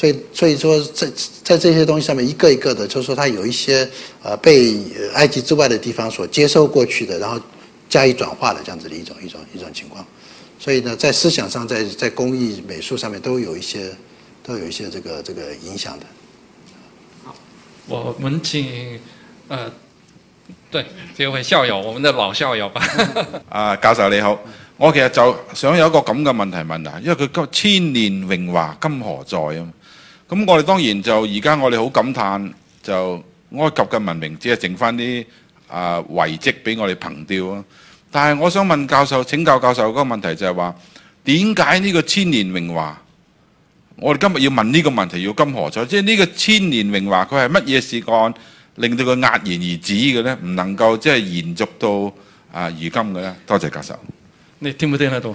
所以，所以說在在這些東西上面，一個一個的，就是說，它有一些，呃，被埃及之外的地方所接受過去的，然後加以轉化的，這樣子的一種一種一種情況。所以呢，在思想上，在在工藝美術上面都有一些都有一些這個這個影響的。我們請，呃，對，這位校友，我們的老校友吧。啊，教授你好，我其實就想有一個咁嘅問題問啊，因為佢個千年榮華今何在啊？咁我哋當然就而家我哋好感嘆，就埃及嘅文明只係剩翻啲啊遺跡俾我哋憑吊咯。但係我想問教授，請教教授個問題就係話，點解呢個千年榮華，我哋今日要問呢個問題，要今何在？即係呢個千年榮華，佢係乜嘢事幹令到佢戛然而止嘅呢？唔能夠即係延續到啊、呃、如今嘅呢？多謝教授。你聽唔聽得到？